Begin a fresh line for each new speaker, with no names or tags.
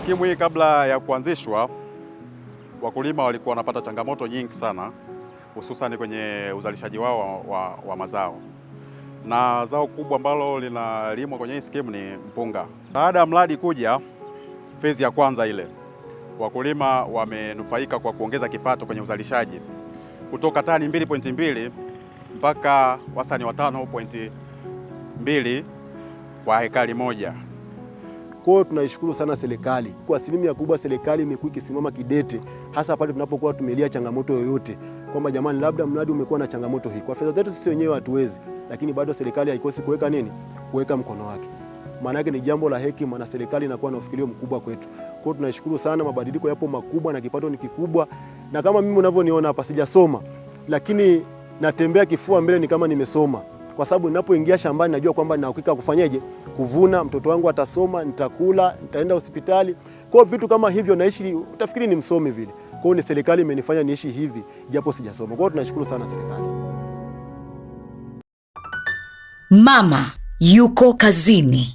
Skimu hii kabla ya kuanzishwa, wakulima walikuwa wanapata changamoto nyingi sana, hususani kwenye uzalishaji wao wa, wa, wa mazao, na zao kubwa ambalo linalimwa kwenye hii skimu ni mpunga. Baada ya mradi kuja fezi ya kwanza ile, wakulima wamenufaika kwa kuongeza kipato kwenye uzalishaji kutoka tani 2.2 mpaka wastani wa 5.2 kwa hekari moja.
Kwa hiyo tunaishukuru sana serikali. Kwa asilimia kubwa serikali imekuwa ikisimama kidete, hasa pale tunapokuwa tumelia changamoto yoyote, kwamba jamani, labda mradi umekuwa na changamoto hii, kwa fedha zetu sisi wenyewe hatuwezi, lakini bado serikali haikosi kuweka nini, kuweka mkono wake. Maana yake ni jambo la hekima na serikali inakuwa na ufikirio mkubwa kwetu. Kwa hiyo tunashukuru sana, mabadiliko yapo makubwa na kipato ni kikubwa, na kama mimi unavyoniona hapa sijasoma, lakini natembea kifua mbele, ni kama nimesoma kwa sababu ninapoingia shambani najua kwamba nina uhakika kufanyaje, kuvuna, mtoto wangu atasoma, nitakula, nitaenda hospitali. Kwa vitu kama hivyo naishi, utafikiri ni msomi vile. Kwa hiyo ni serikali imenifanya niishi hivi japo sijasoma. Kwa hiyo tunashukuru sana serikali. Mama yuko kazini.